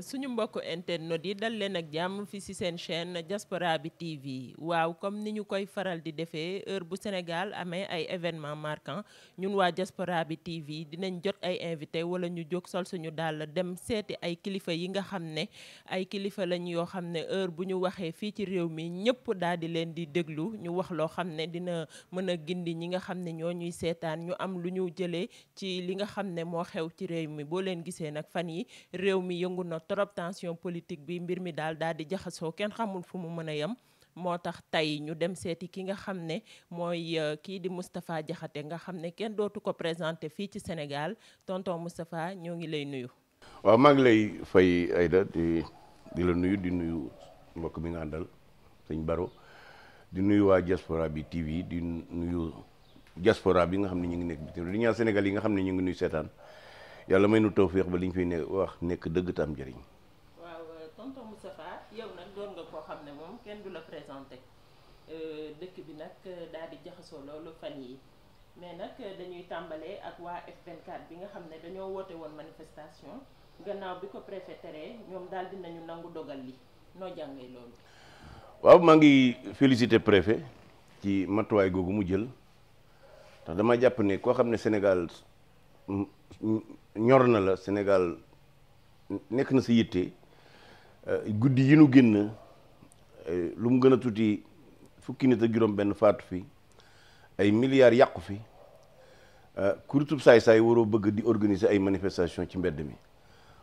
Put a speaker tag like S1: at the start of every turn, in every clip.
S1: suñu mbokk internet yi dal leen ak jàmm fi ci seen chaîne Diaspora bi TV waaw comme ni ñu koy faral di defee heure bu Sénégal amee ay événement marquant ñun waa Diaspora bi TV dinañ jot ay invité wala ñu jóg sol suñu dàll dem seeti ay kilifa yi nga xam ne ay kilifa lañ yoo xam ne heure bu ñu waxee fii ci réew mi ñëpp daal di leen di déglu ñu wax loo xam ne dina mën a gindi ñi nga xam ne ñoo ñuy seetaan ñu am lu ñu jëlee ci li nga xam ne moo xew ci réew mi boo leen gisee nag fan yi trop tension politique bi mbir mi daal daal di jaxasoo kenn xamul fu mu mën a yem moo tax tey ñu dem seeti ki nga xam ne mooy euh, kii di Moustapha Diakhaté nga xam ne kenn dootu ko présenté fii ci Sénégal tonton Moustapha ñoo ngi lay nuyu.
S2: waaw maa ngi lay fay Aïda di di la nuyu di nuyu mbokk bi nga àndal sëñ Baro di nuyu waa diaspora bi TV di nuyu diaspora bi nga xam ne ñu ngi nekk bitim di ñaan Sénégal yi nga xam ne ñu ngi nuyu seetaan. yàlla may nu tawféex ba li ñu fiy ne wax nekk dëgg tam njëriñ.
S1: waaw euh, tonton Moustapha yow nag doon nga koo xam ne moom kenn du la présenté euh, dëkk bi nag euh, daal jaxasoo loolu fan yi mais nag dañuy tàmbalee ak waa F24 bi nga xam ne dañoo woote woon manifestation gannaaw bi ko préfet teree ñoom daal dinañu nangu dogal li noo jàngee loolu.
S2: waaw maa ngi félicité préfet ci matuwaay googu mu jël ndax dama jàpp ne koo xam ne Sénégal mm, ñor na la Sénégal nekk na si yitte euh, guddi yi nu génn euh, lu mu gën a tuuti fukki nit a juróom benn faatu fi ay milliards yàqu fi euh, kuréel saay-saay waroo bëgg di organiser ay manifestation ci mbedd mi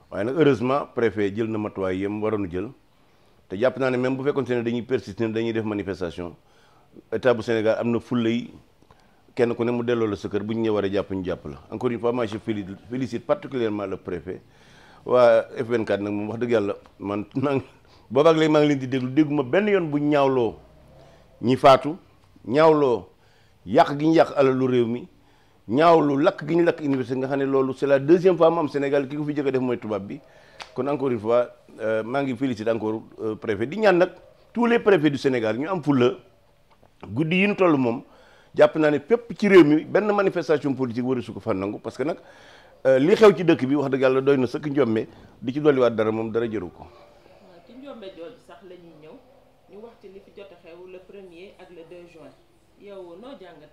S2: waaye nag heureusement préfet jël na matuwaay yam waroon jël te jàpp naa ne même bu fekkoon ne dañuy persister dañuy def manifestation état bu Sénégal am na fulla yi kenn ku ne mu delo la sa kër bu ñu ñëw war a ñu japp la encore une fois ma je félicite particulièrement le préfet wa F24 nak moom wax deug yalla man nang ngi boobaag léegi maa ngi leen di déglu dégguma ben yoon bu ñaawlo ñi faatu ñaawlo yàq gi ñu ala lu rew mi ñaawlu lak gi lak université nga xane lolu c'est la deuxième fois mu am Sénégal ki ko fi jëkk def moy tubab bi kon encore une fois euh, ma ngi félicite encore euh, préfet di ñaan nak tous les préfets du Sénégal ñu am fulle guddi yiñ tollu mom jàpp naa ne pépp ci réew mi benn manifestation politique war a su ko fa nangu parce que nag euh, li xew ci dëkk bi wax dëgg yàlla doy na sëkk njombe di ci dolliwaat dara moom dara jëru ko. Ah,
S1: ci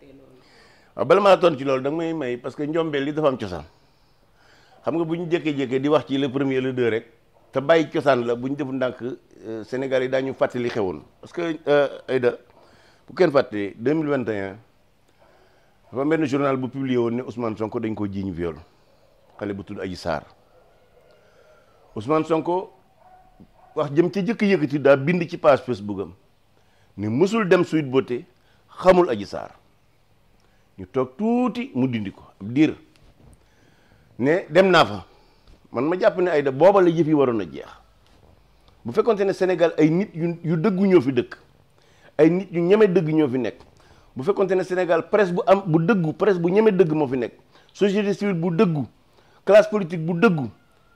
S1: loolu.
S2: waaw bala may may parce que njombe li dafa am cosaan xam nga bu ñu jékkee-jékkee di wax ci le premier le deux rek. te bàyyi cosaan la bu ñu def ndànk euh, Sénégal yi daañu fàttali xewoon parce que euh, Aïda bu kenn fàtte 2021 dafa mel ni journal bu publié woon ne usman Sonko dañ koo jiiñ viol xale bu tudd Adji saar Ousmane Sonko wax jëm ca jëkk yëkkati daa bind ci page Facebook am ni mësul dem Sweet Beauté xamul Adji Sarr ñu toog tuuti mu dindi ko ab diir ne dem naa fa man ma jàpp ne ay da booba la yëf yi waroon a jeex bu fekkonte ne Sénégal ay nit yu yu dëggu ñoo fi dëkk ay nit ñu ñeme dëgg ñoo fi nekk bu fekkonte ne Sénégal presse bu am bu dëggu presse bu ñeme dëgg moo fi nekk société civile bu dëggu classe politique bu dëggu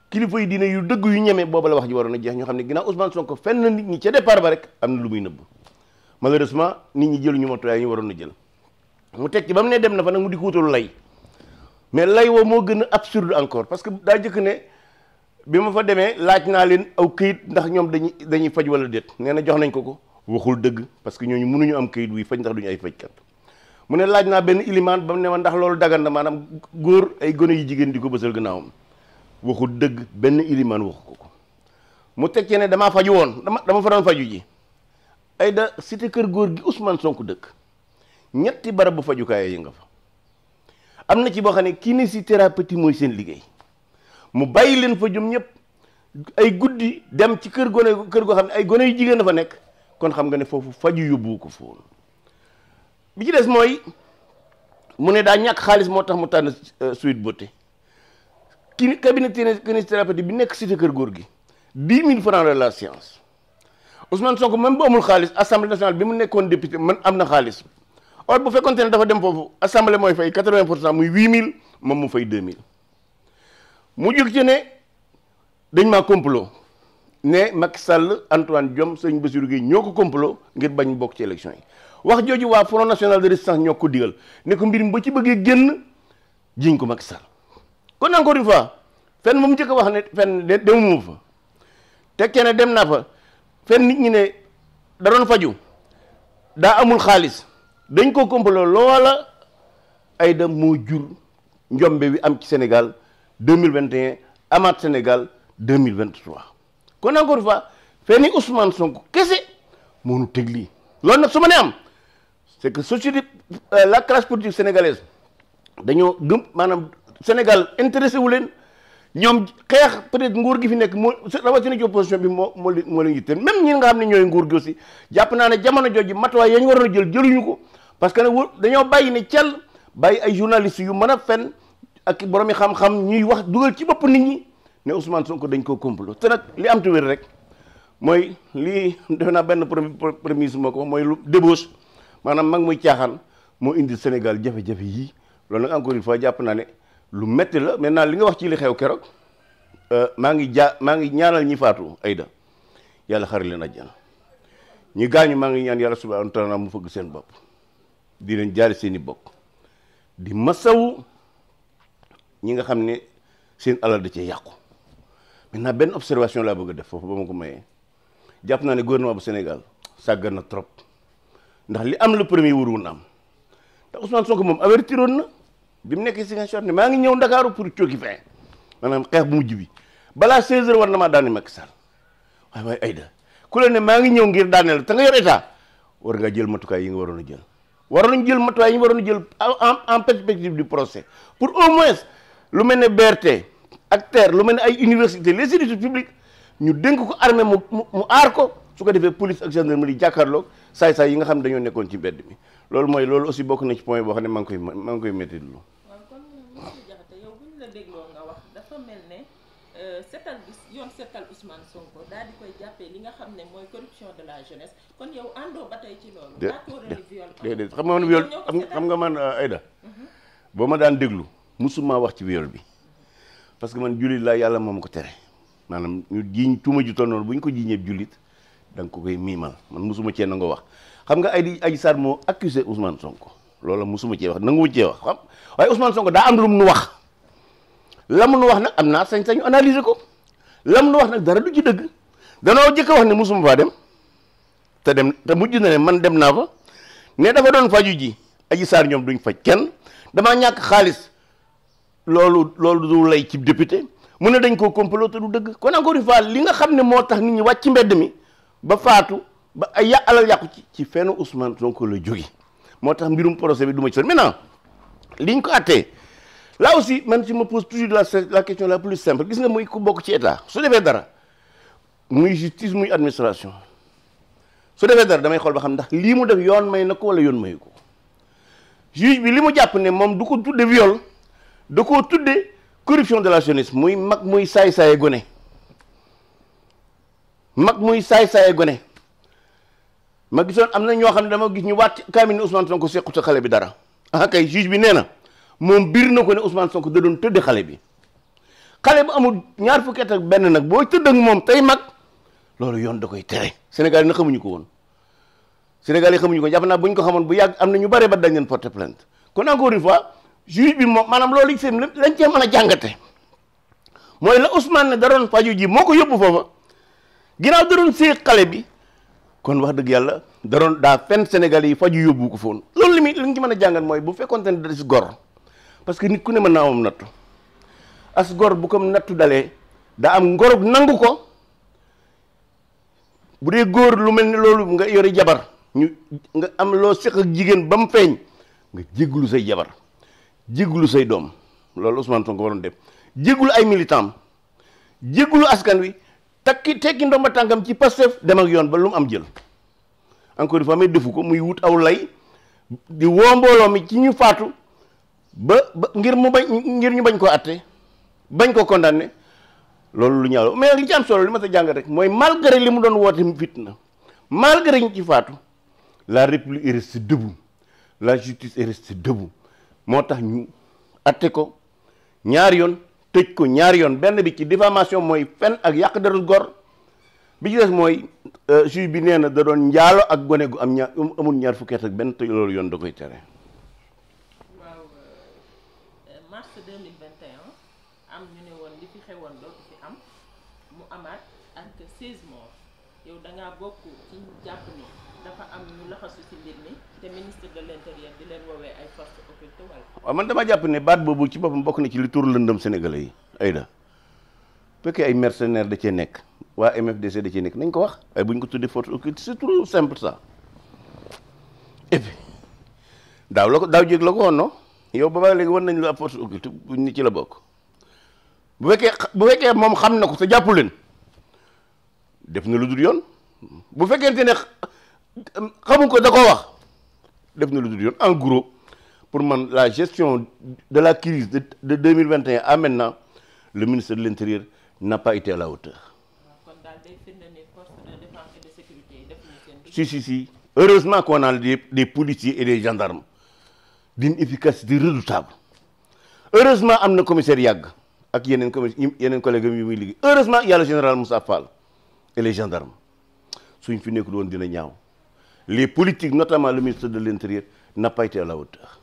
S2: kilifa yi diine yu dëgg yu ñeme booba la wax ji waroon na jeex ñu xam ne ginnaaw Ousmane ko fenn nit ñi ca départ ba rek am na lu muy nëbb malheureusement nit ñi jëlu jëluñu matuwaay yi ñu waroon na jël mu teg ci ba mu ne dem na fa nag mu di ko wutalu lay mais lay woo moo gën a absurde encore parce que daa jëkk ne bi ma fa demee laaj naa leen aw këyit ndax ñoom dañuy dañuy faj wala déet nee na jox nañ ko ko waxul deug parce que ñoñu mënuñu am kayit wi fañ tax duñu ay fajkat mu ne laaj na ben iliman bam ne ndax lolu dagan na maanaam góor ay gone yi jigen diko ko gënaawum gannaawam waxul dëgg benn ilimaan waxu ko mu teg ci ne dama faju won dama dama fa doon faju ji ay da cité keur goor gi Ousmane Sonko dëkk ñetti barab bu kay yi nga fa am ci boo xam ne kinésithérapie moy seen liggey mu bàyyi fa jum ñep ay guddii dem ci keur gone keur go xamne ay fa nek kon xam nga ne foofu faju yóbbu ko foofu bi ci des mooy mu ne daa ñàkk xaalis moo tax mu tànn euh, Sweet Beauté ki cabinet kinésithérapeute bi nekk cité kër góor gi dix mille francs de la séance Ousmane Sonko même bu amul xaalis assemblée nationale bi mu nekkoon député man am na xaalis or bu fekkonte ne dafa dem foofu assemblée mooy fay quatre-vingt pour cent muy huit mille moom mu fay deux mille mu jóg ci ne dañ maa complot ne Macky Sall Antoine diom sëñ Bassirou gueye ñoko ko complot ngir bañ bok ci élection yi wax joju wa Front National de Résistance ñoko ko digal ne ko mbir mi ba ci bëgge genn jiñ ko Macky Sall kon encore une fois fenn mu a wax ne fenn de mu fa te ne dem na fa fenn nit ñi ne da doon faju da amul khalis dañ ko complot loola da mo jur ñombe wi am ci Sénégal 2021 amat Sénégal 2023 kon encore gorfa feni fenni Ousmane Sonko kesse monu tegli lii nak suma ne am c'est que société euh, la classe politique sénégalaise dañu gëm manam Sénégal intéressé wu len ñom xex peut-être nguur gi fi nek rawati na opposition bi mo mo leen moo leen même ñi nga xamni ñoy ñooy nguur gi aussi japp na na jamono joji matwa yañ waro a jël jëluñu ko parce que nag dañoo bàyyi ne cel bàyyi ay journalistes yu mëna fenn ak borom xam-xam ñuy wax duggal ci bop nit ñi. ne Ousmane Sonko dañ koo complot te nag li am tu wér rek mooy lii defe naa benn prémisse moo ko mooy lu débauche maanaam mag muy caaxaan moo indi Sénégal jafe-jafe yii loolu nag encore une fois jàpp naa ne lu metti la maintenant li nga wax ci li xew keroog euh, maa ngi jaa maa ngi ñaanal ñi faatu Aïda yàlla xar leen àjjana ñi gaañu maa ngi ñaan yàlla subhanahu wa mu fëgg seen bopp di leen jaari seen i bokk di masawu ñi nga xam ne seen alal da cee yàqu maintenant benn observation laa bëgg a def foofu ba ko mayee jàpp naa ne gouvernement bu Sénégal sàggan na trop ndax li am le premier waroon am te Ousmane Sonko moom avertiroon na bi mu nekk si nga ne maa ngi ñëw Ndakaaru pour cooki fin maanaam xeex bu mujj bi balaa 16 heures war na maa daane Macky Sall waaye waaye Aïda ku la ne maa ngi ñëw ngir daaneel te nga yor état war nga jël matukaay yi nga waroon a jël waroon jël matuwaay yi ñu waroon a jël en en perspective du procès pour au moins lu mel ne BRT. ak terre lu mel ne ay université les instituts publics ñu dénk ko armée mu mu aar ko su ko defee police ak gendarmerie jàkkaarloog saay-saay yi nga xam ne dañoo nekkoon ci bedd mi loolu mooy loolu aussi bokk na ci point boo xam ne maa ngi koy maa ngi koy métti
S1: euh,
S2: nga man ayda euh, mm-hmm. boo ma daan déglu musuma wax ci viol bi. parce que man jullit laa yàlla moom ko tere maanaam ñu jiiñ tuuma ju toll noonu bu ñu ko jiiñee jullit da ko koy miimal man mosuma cee nangoo wax xam nga ay di Adji Sarr moo accusé Ousmane Sonko loola mosuma cee wax nanguwuñ cee wax xam waaye Ousmane Sonko daa am lu mu nu wax la mu nu wax nag am naa sañ-sañu analyser ko la mu nu wax nag dara du ci dëgg danoo jëkk wax ne mosuma faa dem te dem te mujj na ne man dem naa fa ne dafa doon faju ji Adji Sarr ñoom duñ faj kenn damaa ñàkk xaalis. loolu loolu du lay ci député mu ne dañ ko complot te du dëgg kon encore une fois li nga xamné motax nit ñi wàcc ci mi ba faatu ba ay yà alal yàqu ci ci fenn Ousmane Sonko le jóge motax mbirum procès bi duma ci sonn maintenant liñ ko attee là aussi man ci me pose toujours la la question la plus simple gis nga moy ku bok ci état su défé dara muy justice muy administration su défé dara damay xol ba xam ndax li mu def yoon may na ko wala yoon mayu ko juge bi li mu japp ne mom du ko tudde viol da koo tuddee corruption de la jeunesse muy mag muy saay-saaye gone mag muy saay-saaye gone ma am na ñoo xam ne dama gis ñu waat kaamil ni Ousmane Sonko sequt xale bi dara ah kay juge bi nee na moom biir na ko ne Ousmane Sonko da doon xale bi xale bu amul ñaar fukki at benn nag boo tëdd ak moom tey mag loolu yoon da koy tere Sénégal yi na xamuñu ko woon Sénégal yi xamuñu ko jàpp naa bu ñu ko xamoon bu yàgg am na ñu bare ba dañ leen porter plainte kon encore une fois juge bi moom maanaam loolu seen lañ ci mëna a moy la Ousmane ne daroon faju ji moko yobbu fofa ginaaw ginnaaw daroon séeg bi kon wax dëgg yàlla daron da fen Sénégal yi faju yobbu ko fon lolou limi lañ ci mëna jangal moy bu fekkoonte da gor parce que nit ku ne mëna am as gor bu ko natou dalé da am ngorog nangu ko bu gor lu melni lolou nga yori jabar ñu nga am lo seq ak jigen bam nga jéglu say jabar Jigulu say dom lolou Ousmane Sonko waron Jigulu jégulu ay militant jégulu askan wi takki teki ndomba tangam ci Pastef dem ak yoon ba lum am jël encore fois mais defu muy wut aw lay di woo mbooloo mi ci ñu faatu ba ngir mu bañ ngir ñu bañ ko atté bañ ko condamné lolou lu ñaaw mais li ci am solo li ma sa jang rek moy malgré li mu fitna malgré ñu ci faatu la république est debout la justice est restée debout moo tax ñu atte ko ñaari yoon tëj ko ñaari yoon benn bi ci diffamation mooy fen ak yàq derul gor bi ci des mooy euh, juge bi nee na da doon njaalo ak gone gu am ñaar amul ñaar fukki at ak benn te loolu yoon da koy tere waaw man dama jàpp ne baat boobu ci boppam bokk na ci li tur lëndëm sénégalais yi ayda fekkee ay mercenaires da cee nekk waa MFDC da cee nekk nañ ko wax ay buñ ko tuddee force occulte c'est trop simple ça et daaw la ko daaw jéeg la ko woon non yow ba ba léegi war nañ la force occulte buñ ni ci la bokk bu fekkee bu fekkee moom xam na ko te jàppu leen def na lu dul yoon bu fekkente ne xamuñ ko da koo wax def na lu dul yoon en pour la gestion de la crise de, 2021 à maintenant le ministre de l'Intérieur n'a pas été à la hauteur. Si, si, si. Heureusement qu'on a des, policiers et des gendarmes d'une efficacité redoutable. Heureusement, il a le commissaire Yag, il y a un collègue Heureusement, il y a le général Moussa Fall et les gendarmes. Les politiques, notamment le ministre de l'Intérieur, n'a pas été à la hauteur.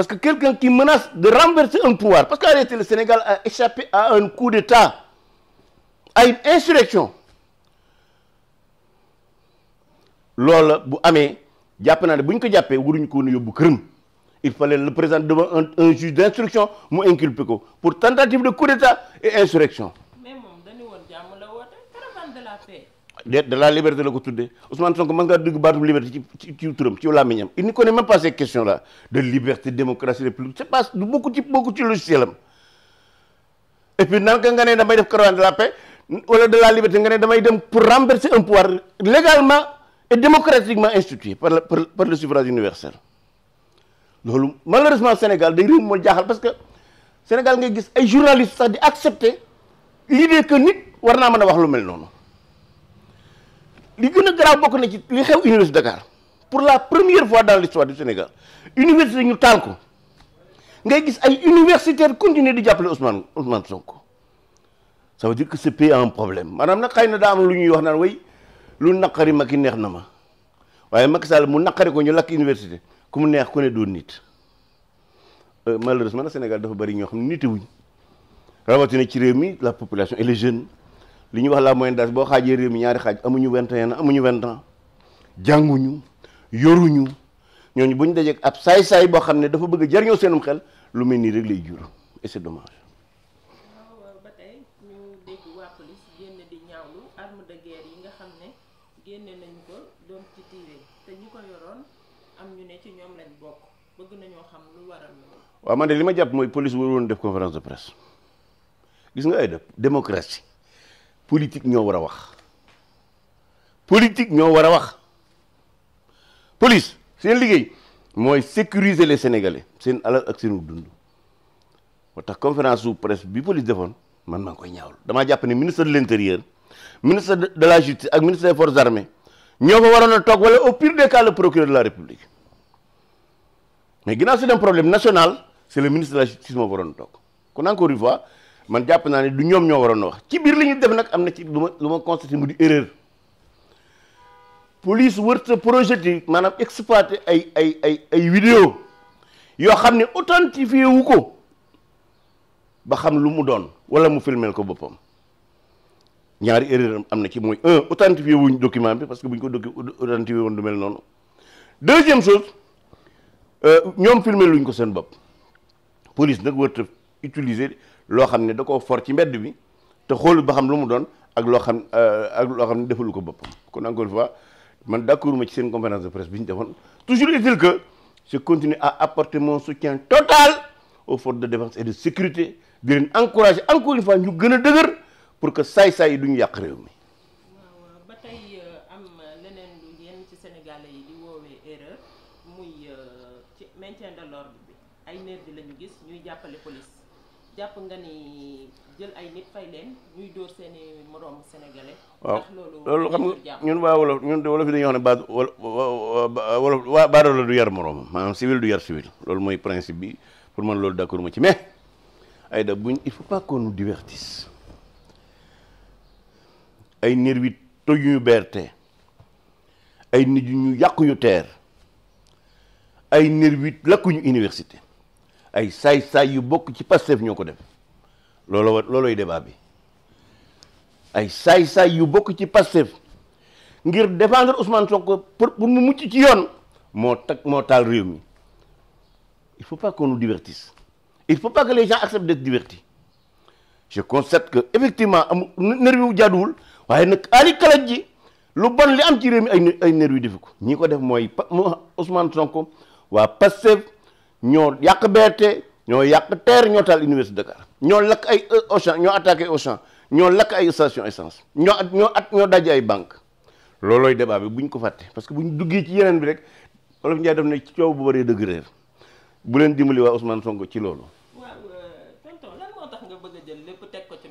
S2: Parce que quelqu'un qui menace de renverser un pouvoir, parce qu'en le Sénégal a échappé à un coup d'État, à une insurrection. Lola, il fallait le présenter devant un, juge d'instruction, pour pour tentative de coup d'État et insurrection. de de la liberté la ko Ousmane Sonko mën ngaa dugg baatu liberté ci ci turum ci làmmiñam il ne connaît même pas ces questions là de liberté démocratie république c'est pas du bokku ci beaucoup ci logiciel et puis nan nga ne damay def croix de la paix wala de la liberté nga ne damay dem pour renverser un pouvoir légalement et démocratiquement institué par le, par, par le suffrage universel loolu malheureusement Sénégal day rew mo jaxal parce que Sénégal ngay gis ay journalistes sax di accepter l'idée que nit warna mëna wax lu mel nonou Ce qui a garaaw bokk na ci li xew université Dakar pour la première fois dans l'histoire du Sénégal université ñu taal ko ngay gis ay universitaires continuent de jàppale Ousmane Ousmane Sonko ça veut dire que ce pays a un problème maanaam nag xëy na daa am lu ñuy wax naan way lu naqari Macky neex na ma waaye Macky Sall mu naqari ko ñu lakk université ku mu neex ku ne des nit euh, malheureusement le Sénégal dafa bari ñoo xam ne nitewuñ rawatina ci réew mi la population et les jeunes li wax la moyenne d'âge bo xaajee réew mi ñaari xaj amuñu 21 amuñu 20 ans janguñu yoruñu ñooñu buñ dajé ab saay say boo xam ne dafa bëgg jarño senum xel lu melni rek lay jur et c'est dommage. wa
S1: nañ ko doon ci tiire te ñi ko yoroon
S2: man de li ma jàpp police waroon def conférence de presse gis nga ay def démocratie politique nous avons politique nous avons. police c'est Je veux sécuriser les sénégalais C'est alal ak seenu dund Dans conférence de presse bi police devant, man mang koy ñaawul ministre de l'Intérieur, ministre de la justice ak ministre des forces armées Nous avons au pire des cas le procureur de la république mais ginnaaw c'est un problème national c'est le ministre de la justice qui waroon a ko encore une fois man jàpp naa ne du ñoom ñoo waroon a wax ci biir li ñu def nag am na ci lu ma lu ma constaté mu di erreur police wërta projeté maanaam exploité ay ay ay ay vidéo yoo xam ne authentifié wu ko ba xam lu mu doon wala mu filmeel ko boppam ñaari erreur am am na ci mooy un authentifié wuñ document bi parce que bu ñu ko docu authentifié woon du mel noonu deuxième chose euh, ñoom filmeel luñ ko seen bopp police nag wërta utiliser lo xam da ko for ci mbedd bi te xoolul ba xam lu mu doon ak lo xam euh, ak lo xam ne ko bopam kon encore une fois man d'accord ma ci sen conférence de presse bi ñu toujours est-il que je continue à apporter mon soutien total aux forces de défense et de sécurité di leen encourager encore une fois ñu gëna a pour que say say duñu yaq réew mi
S1: jàpp nga ni jël ay nit fay leen ñuy dóor seen moroom sénégalais. waaw loolu xam nga ñun
S2: waa wolof ñun wolof yi dañuy wax ne baat wolof waa baadoola du yar moroomam maanaam civil du yar civil loolu mooy principe bi pour man loolu d'accord ma ci mais Aïda buñ il faut pas qu'on nous divertisse ay nervi toj ñu berte ay nit ñu lakkuñu université. ay say say yu bokk ci Pastef ñoo ko def looloo looloy débat bi ay say say yu bokk ci Pastef ngir défendre Ousmane Sonko pour pour mu mucc ci yoon moo tak moo taal réew mi il faut pas qu'on nous divertisse il faut pas que les gens acceptent d'être divertis je constate que effectivement am nervi wu jaaduwul waaye nag Ali Kalaj ji lu bon li am ci réew mi ay ay nervi defu ko ñi ko def mooy Ousmane Sonko waa Pastef ñoo yàq BRT ñoo yàq TER ñoo taal université de Dakar ñoo lakk ay Auchan ñoo attaqué Auchan ñoo lakk ay station essence ñoo at ñoo at ñoo daj ay banque loolooy débat bi bu ñu ko fàttee parce que bu ñu duggee ci yeneen bi rek Wolof Njaay def ne ci coow bu bëree dëgg réer bu leen dimbali waa Ousmane Sonko ci loolu. Euh,
S1: ko ci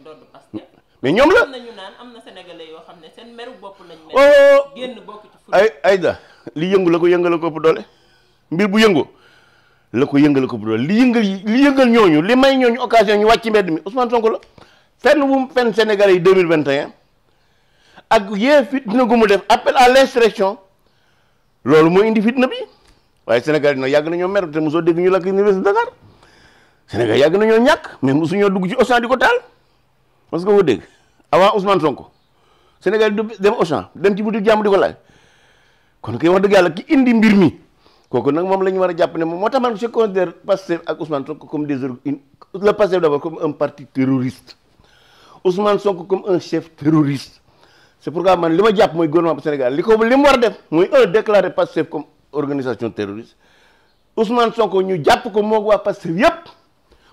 S1: mais ñoom la am yoo xam ne seen meru oh! ay
S2: Aïda li yëngu la ko yëngale ko ëpp doole mbir bu yëngu la ko yëngal ko bu li yëngal li yëngal ñooñu li may ñooñu occasion ñu wàcc mbedd mi Ousmane Sonko la fenn bu mu fenn Sénégalais yi 2021 ak yee fitna ko mu def appel à l'insurrection loolu moo indi fitna bi waaye Sénégal yi nag yàgg nañoo mer te mosoo dégg ñu lakk université Dakar Sénégal yàgg nañoo ñàkk mais mosuñoo dugg ci Auchan di ko taal parce que ko dégg avant Ousmane Sonko Sénégal du dem Auchan dem ci boutique jàmm di ko laaj kon kay wax dëgg yàlla ki indi mbir mi. kooku nag moom la ñu war a jàpp ne moom moo tax man je considère Pastef ak Ousmane Sonko comme des le Pastef d'abord comme un parti terroriste Ousmane Sonko comme un chef terroriste c'est pourquoi man li ma jàpp mooy gouvernement bu Sénégal li ko li mu war a def mooy un déclarer Pastef comme organisation terroriste Ousmane Sonko ñu jàpp ko moog waa Pastef yépp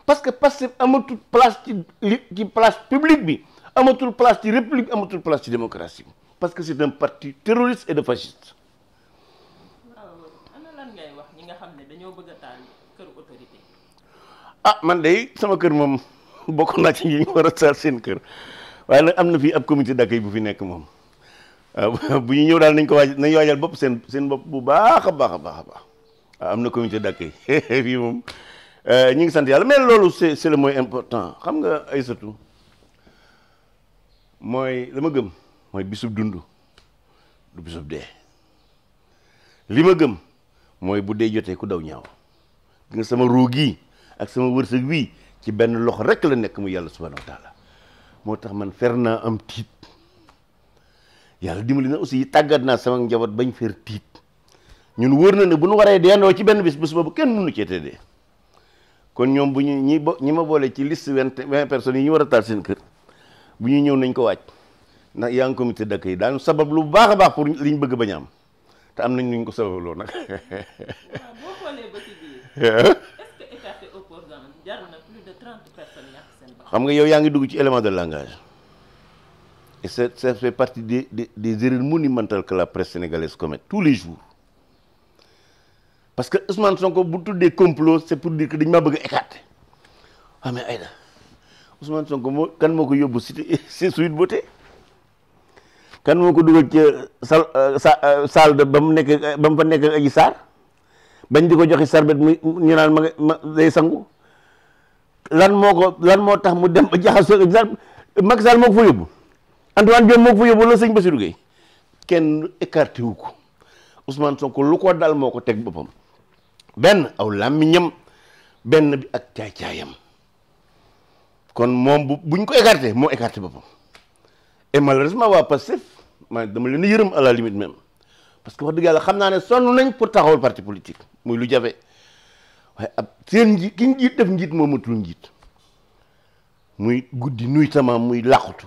S2: parce que Pastef amatul place ci li ci place publique bi amatul place ci république amatul place ci démocratie parce que c'est un parti terroriste et de fasciste ah man day sama kër moom bokk naa ci ñi war a saal seen kër waaye nag am na fii ab comité d'accueil bu fi nekk moom ah, bu ñu ñëw daal nañ ko waaj nañ waajal bopp seen seen bopp bu baax a baax a baax a baax ah, am na comité d'accueil fii moom eh, ñu ngi sant yàlla mais loolu c'est c'est le mooy important xam nga ay satu mooy la ma gëm mooy bisub dund du bisub dee li ma gëm mooy bu dee jotee ku daw ñaaw nga sama ruu gii ak sama wërsëg wi ci benn lox rek la nek mu yalla subhanahu wa taala motax man ferna am tit yalla dimbali aussi tàggat naa sama njabot bañ fer tit ñun wërna ne bu ñu waree deendoo ci benn bis bés boobu kenn mënu ci tédé kon ñom bu ñi ñi ma bolé ci liste 20 vingt personnes yi ñu wara tal seen kër bu ñuy ñëw nañ ko wacc ndax yaa comité dëkk yi daan sabab lu baax baax pour liñ bëgg bañ am te am nañ ñu ko sabab lo nak
S1: boo xoolee ba ci
S2: biir. xam nga yow yaa ngi dugg ci élément de langage et ça ça fait partie des des des erreurs monumentales que la presse sénégalaise commet tous les jours parce que Ousmane Sonko bu des complots, c'est pour dire que dañ maa bëgg a écarter ah mais Aïda Ousmane Sonko moo kan moo ko yóbbu cité si suite beauté kan moo ko dugal ci euh, euh, euh, salle de ba mu nekk ba mu fa nekk aji saar bañ di ko joxe sarbet mu ñu naan ma nga ma lan moo ko lan moo tax mu dem ba jaxasoo Macky Sall moo ko fa yóbbu Antoine Diome moo ko fa yóbbu loolu sëñ si Gueye kenn écarté wu ko Ousmane Sonko lu ko dal moo ko teg boppam benn aw làmmiñam benn bi ak caay-caayam kon moom bu buñ ko écarté moo écarté boppam et malheureusement waa Pastef ma dama leen di yërëm à la limite même parce que wax dëgg yàlla xam naa ne sonn nañ pour taxawal parti politique muy lu jafe. waaye ab seen njiit ki njiit def njiit moomatul njiit muy guddi nuy tamaam muy làqutu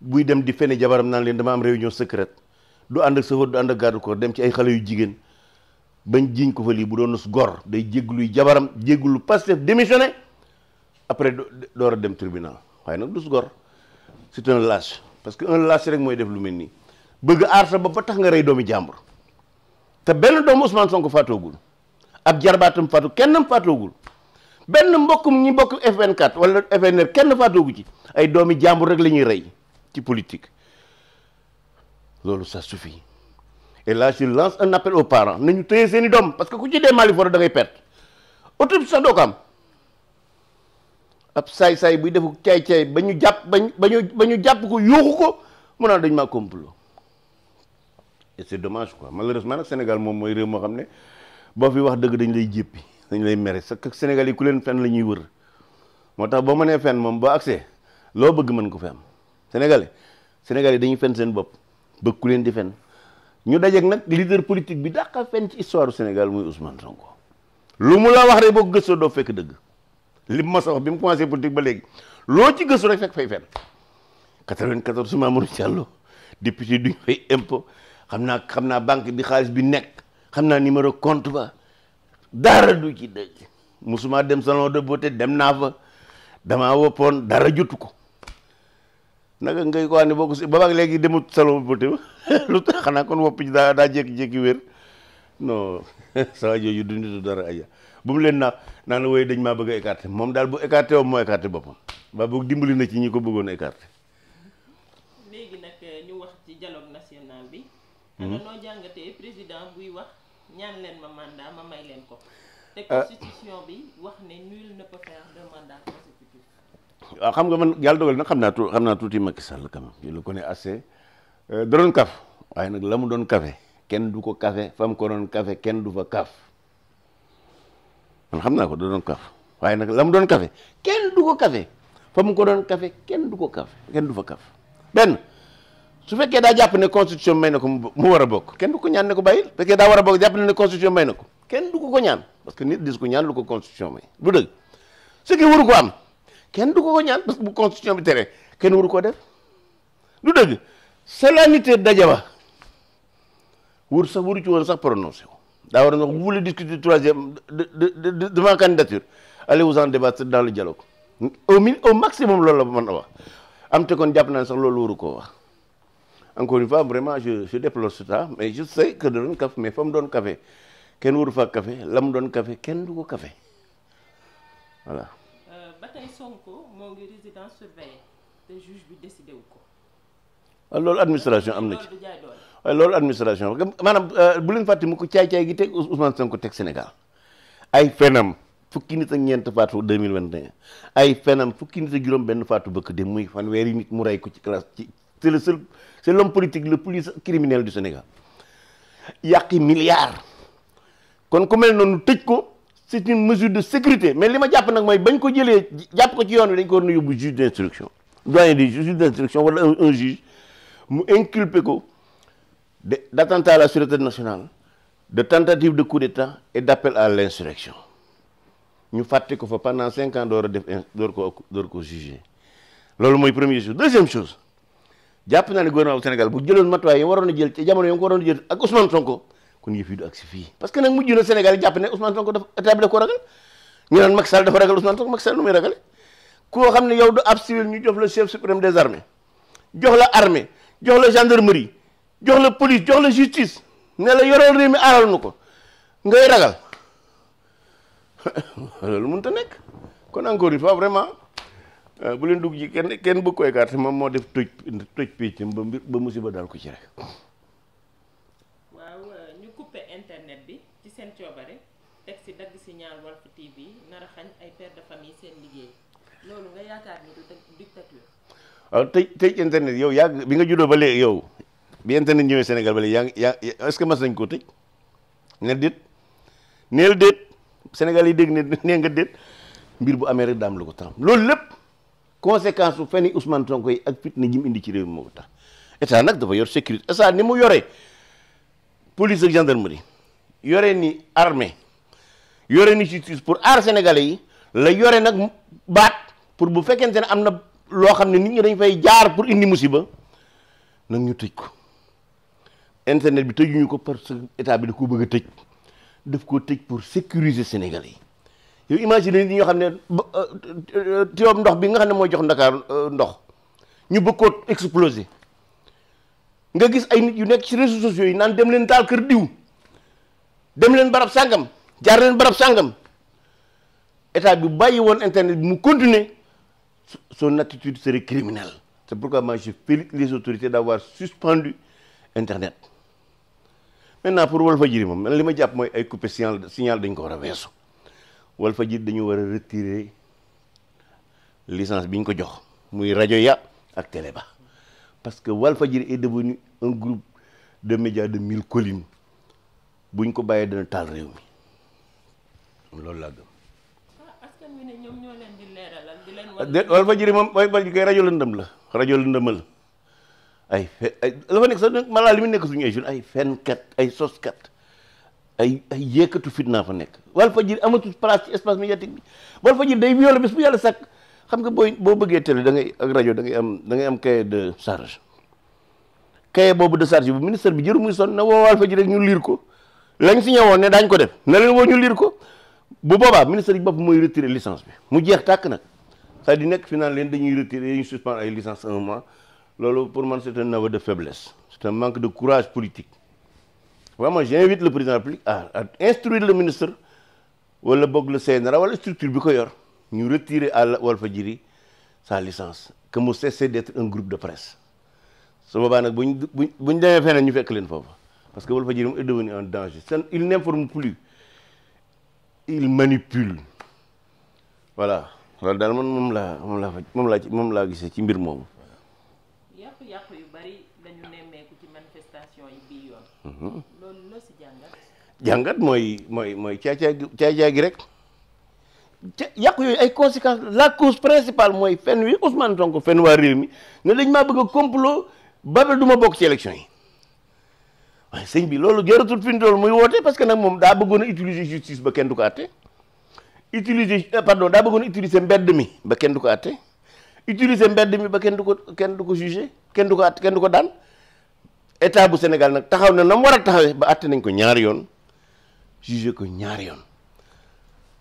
S2: buy dem di fene jabaram naan leen dama am réunion secrète du ànd ak safar du ànd ak garde dem ci ay xale yu jigéen bañ jiñ ko fa lii bu doon nus gor day jéggluy jabaram jégglu Pastef démissionné après door a dem tribunal waaye nag dus gor c'est un lâche parce que un lâche rek mooy def lu mel nii bëgg aar sa bopp ba tax nga rey doomi jàmbur te benn doomu Ousmane Sonko faatoogul ab jarbaatam faatu kennam Ben benn mbokkum ñi mbokk F24 wala FNR kenn faatoogu ci ay doomi jàmbur rek lañuy ñuy ci politique loolu ça suffit et là je lance un appel aux parents nañu téye seeni dom parce que ku ci dee Mali foro da ngay perte autopsie sa doo ab say say buy defu tay tay bañu japp bañu bañu japp ko yuuxu ko mo na dañ ma complot et c'est dommage quoi malheureusement nak Sénégal mom moy réew mo xamné boo fi wax dëgg dañ lay jéppi dañ lay mere sa Sénégal yi ku leen fenn la ñuy wër moo tax boo mënee fen moom ba accès loo bëgg mën ko fen am Sénégalais Sénégalais dañuy fenn seen bopp bëgg ku leen di fenn ñu dajeeg nag leader politique bi dàqa fenn ci histoire Sénégal muy Ousmane Sonko lu mu la wax rek boo gëstoo doo fekk dëgg li mu mos a bi mu commencé politique ba léegi loo ci gëstu rek fekk fay fenn 94 Mamour Diallo député duñ fay impôt xam naa xam naa banque bi xaalis bi nekk. xamna numéro compte ba dara du ci deug musuma dem salon de beauté dem na fa dama woppoon dara jutuko ko ngay ko ani bokku ba bak demut salon de beauté lu tax xanaa kon wop ci da daa jek jékki wér non saa jooju du dara aja bu mu leen na naan way dañ ma bëgg écarté mom dal bu écarté mo écarté bopam ba bu dimbali na ci ñi ko bëggoon écarté
S1: légui nak euh, ñu wax ci dialogue national bi. Hmm. no jàngatee président buy wax ñaan leen ma mandat ma may leen ko. Euh, te constitution bi wax ne nul ne peut faire deux mandats
S2: consécutifs. waaw xam nga man yàlla dogal na xam naa tu naa tuuti Macky Sall quand même je le euh, kaf waaye nag la mu doon kafe kenn du ko kafe fam ko doon kafe kenn du fa kaf man xam naa ko da doon kaf waaye nag la mu doon kafe kenn du ko kafe fam ko doon kafe kenn du ko kafe kenn du fa kaf benn. su fekkee daa jàpp ne constitution may na ko mu war a bokk kenn du ko ñaan ne ko bàyyil fekkee daa war a bokk jàpp ne constitution may na ko kenn du ko ko ñaan parce que nit dis ko ñaan lu ko constitution may du dëgg ce qui waru ko am kenn du ko ko ñaan parce que bu constitution bi tere kenn waru ko def du dëgg solennité daje ba wur sax wuru ci woon sax prononcé daa war a wax voulez discuter troisième de ma candidature allez-vous en débattre dans le dialogue au min au maximum loolu mën a wax am kon jàpp naa sax loolu waru koo wax encore une fois, vraiment, je, je déplore cela, mais je sais que de café, mes femmes donnent café. Ken wuru fa café, lam donne café, ken du café. Voilà.
S1: Euh, Bataille Sonko, mon résident surveillé, le juge lui décidé ou quoi
S2: ah, loolu administration am na ci loolu administration euh, bu ko gi Ousmane Sonko teg Sénégal ay fenam fukki nit ak 2021 ay fenam fukki nit bëkk de muy fanweeri nit mu c'est c'est l'homme politique le plus criminel du Sénégal Yaki milliards kon comme mel nous tëj ko c'est une mesure de sécurité mais li ma jàpp nag mooy bañ ko jëlee jàpp ko ci yoon dire dañ ko war juge d'instruction doyen du juge d'instruction wala un juge mu inculpe ko de d'attentat à la sûreté nationale de tentative de coup d'état et d'appel à l'insurrection ñu fàtte ko fa pendant cinq ans door a def door ko door ko jugé première chose deuxième chose japp na ne gouvernement bu Sénégal bu jëlon matuwaay yi waroon a jël ci jamono yi ko waroon a jël ak Ousmane Sonko kon yëf yi du ci fi parce que nak mujj na Sénégal japp ne Ousmane Sonko dafa état ko ragal ñu nan Macky Sall dafa ragal Ousmane Sonko Macky Sall numuy ragal ragale koo yow du ab civil ñu jox le chef suprême des armées jox la armée jox la gendarmerie jox la police jox la justice ne la yoro réew mi aaral ngay ragal lolu mënut ta nek kon encore une fois vraiment Euh, bu leen dugg ji kenn kenn bëgg ko écarté moom moo def toj toj péccam ba mbir ba musiba daal ko ci rek.
S1: waaw euh, ñu coupé internet bi ci seen coobare teg si dagg signal Walf TV nar a ay pères famille seen liggéey loolu nga yaakaar ni du dictature.
S2: waaw tëj tëj internet yow yaa bi nga juddoo ba léegi yow bi internet ñëwee Sénégal ba léegi yaa yaa est-ce que mas nañ koo tëj ne déet neel déet Sénégal yi dégg ne nee nga déet mbir bu amee rek daam lu ko taram loolu lépp. conséquence bu feni Ousmane Sonko yi ak fitna ji mu indi ci réew mi moo tax état nag dafa yor sécurité état ni mu yore police ak gendarmerie yore ni armée yore ni justice pour aar sénégalais yi la yore nag baat pour bu fekkente ne am na loo xam ne nit ñi dañ fay jaar pour indi musiba nag ñu tëj ko internet bi tëjuñu ko parce que état bi da ko bëgg a tëj def koo tëj pour sécuriser sénégalais yi yow imagine ñi ñoo xam ne euh, tuyau ndox bi nga xam ne mooy jox Ndakaar euh, ndox ñu bëgg koo exploser nga gis ay nit yu nekk ci sociaux yi naan dem leen taal kër diw dem leen barab sàngam jaarleen leen barab sàngam état bi bàyyi woon internet bi mu continuer son attitude serait criminelle c'est pourquoi moi je félicite les autorités d'avoir suspendu internet maintenant pour Walfadjri moom man li ma jàpp mooy ay coupé signal signal dañ ko war a weesu Walfadjri dañu war a retirer licence biñ ko jox muy rajo ya ak télé ba parce que Walfadjri est devenu un groupe de médias de mille collines buñ ko bàyyee dana taal réew mi loolu laa gëm. askan ah, ah, wi kay rajo lëndëm la rajo la ay fe ay la fa nekk sax nag malaa li mu nekk suñu ay ay fenkat ay soskat. ay ay yéekatu fitna fa nekk Walfadjri amatul place ci espace médiatique bi Walfadjri day violé bés bu yàlla sàkk xam nga booy boo bëggee télé da ngay ak rajo da am da am cahier de charge cahier boobu de charge bu ministère bi jëru muy son na woo Walfadjri rek ñu liir ko lañ si woon ne daañ ko def na leen woo ñu liir ko bu boobaa ministère bi bopp mooy retirer licence bi mu jeex tàkk nag c'est di nekk fi naan leen dañuy retirer dañuy suspendre ay licence un de faiblesse c'est manque de courage politique vraiment j'invite le président de la République à, instruire le ministre wala bog le ou la structure du ko yor retirer à Walfadjri sa licence que nous cesse d'être un groupe de presse Ce boobaa nag bu ñu bu ñu demee feneen ñu fekk leen parce que Walfadjri moom est devenu un danger il n'informe plus il manipule voilà voilà daal man moom laa moom laa fa moom ci mbir
S1: bari némé ci manifestation yi loolu
S2: gi rek ay la cause principale mooy fenn wi Ousmane mi dañ bëgg complot babel du ma ci élection yi waaye sëñ bi loolu jaratul muy parce que nag moom daa bëggoon utiliser justice ba kenn du ko utiliser euh, pardon daa mi ba kenn du ko utiliser mbedd mi ba kenn du ko du kenn du ko att kenn du ko daan état bu Sénégal nag taxaw na nam war a taxawee ba àtte nañ ko ñaari yoon jugé ko ñaari yoon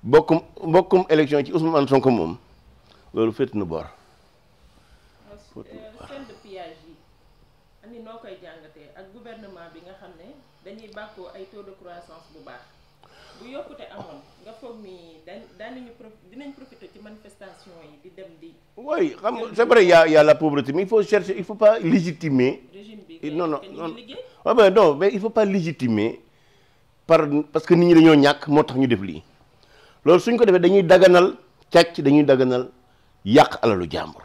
S2: bokkum bokkum élection ci Ousmane Sonko moom loolu féet na boor. scène
S1: euh, de pillage yi ani noo koy jàngatee ak gouvernement bi nga xam ne dañuy bàkkoo ay taux de croissance bu baax bu yokkute amoon nga foog ni manifestation,
S2: Oui, c'est vrai, il y, a, il y, a la pauvreté, mais il faut chercher, il faut pas légitimer. Non, non, non. Ah ben non, mais il faut pas légitimer par, parce que nous sommes ñak motax ñu def li lool suñ ko défé dañuy daganal ciacc dañuy daganal yak alalu jambour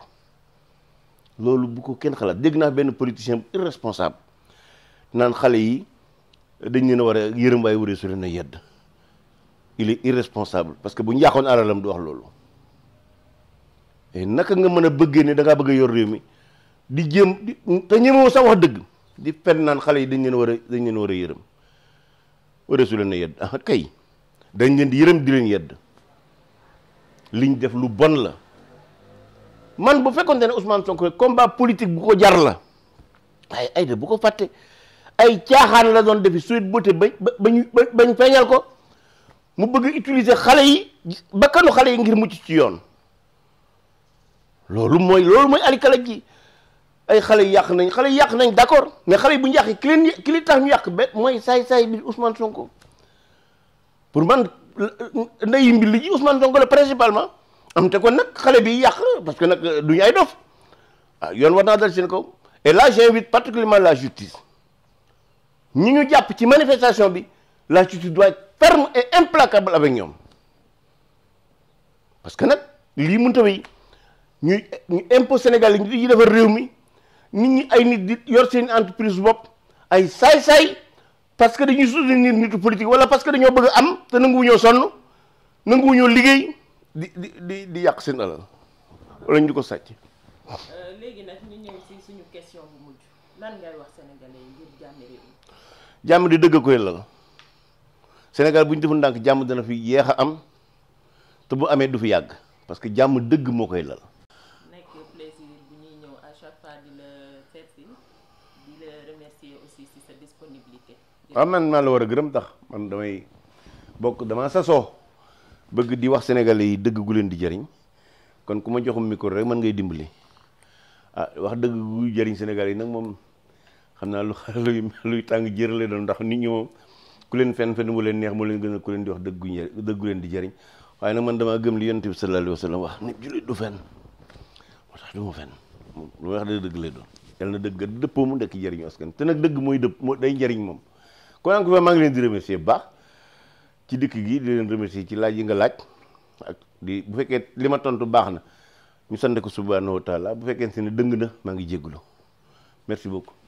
S2: loolu bu ko kenn xalaat dégg naa benn politicien irresponsable naan xale yi dañ leen a war a yërëm waaye waree su leen a yedd il est irresponsable parce que bu ñu yàqoon alalam du wax loolu et nga mën a bëggee ne da ngaa bëgg yor réew mi di jëm te ñemewu sax wax dëgg di fen naan xale yi dañ leen war a dañ a yërëm wara su leen a yedd ah kay dañ leen di yërëm di leen yedd liñ def lu bon la man bu fekkonte ne Ousmane Sonko combat politique bu ko jar la ay ay de bu ko fàtte ay caaxaan la doon defi suite beauté ba ba bañ bañ feeñal ko mu bëgg utiliser xale yi bakkanu xale yi ngir mucc ci yoon loolu mooy loolu mooy alikalag gi ay xale yàq nañ xale yàq nañ d'accord mais xale yi bu ñu yàqee ki leen ki leen tax ñu yàq bet mooy saay-saay bi Ousmane Sonko pour man ndeyu mbir li ji Ousmane Sonko la principalement am te kon nag xale bi yàq parce que nag euh, du ñu ay dof ah yoon war naa dal seen kaw et là j'invite particulièrement la justice ñi ñu jàpp ci manifestation bi la justice doit ferme et implacable avec ñoom parce que nag lii mënta wéy ñuy ñu impôt Sénégal yi ñu defar réew mi nit ñi ay nit di yor seen entreprise bopp ay saay-saay parce que dañuy soutenir nitu politique wala parce que dañoo bëgg am te ñoo sonn nanguwuñoo liggéey di di di di yàq seen alal wala ñu ko sàcc. Euh,
S1: léegi suñu question bu mujj wax sénégalais
S2: jàmm di dëgg koy lal. senegal buñ defu ndank jamm dana fi yeexa am te bu amé du fi yag parce que jamm deug mo koy lal.
S1: nekk plaisir bu ñuy ñëw à chaque fois di la seet di la remercier aussi ci sa disponibilité.
S2: waaw man la war a tax man damay bok dama sasoo bëgg di wax sénégalais yi dëgg gu leen di jëriñ kon kuma ma joxum micro rek man ngay dimbali ah wax dëgg gu jëriñ sénégalais nak mom xamna xam naa lu luy luy tàng jër lay ndax nit ñi mom kulen fen fen fenn mu leen neex moo len gëna kulen di wax dëggu ñe dëggu len di jëriñ waye nak man dama gëm li yonent bi sallallahu alayhi wasallam wax nit jullit du fen moo du ma fen lu wax de deug le do yalla na dëgg dëppoo mu ndekk jëriñu askan te nak deug moy depp day day mom ko nak ba ma ngi len di remercier ba ci dikk gi di len remercier ci laaj yi nga laaj ak di bu fekke lima tontu baxna ñu sant ko subhanahu wa taala bu fekke ci ne deug na ma ngi jégalu merci beaucoup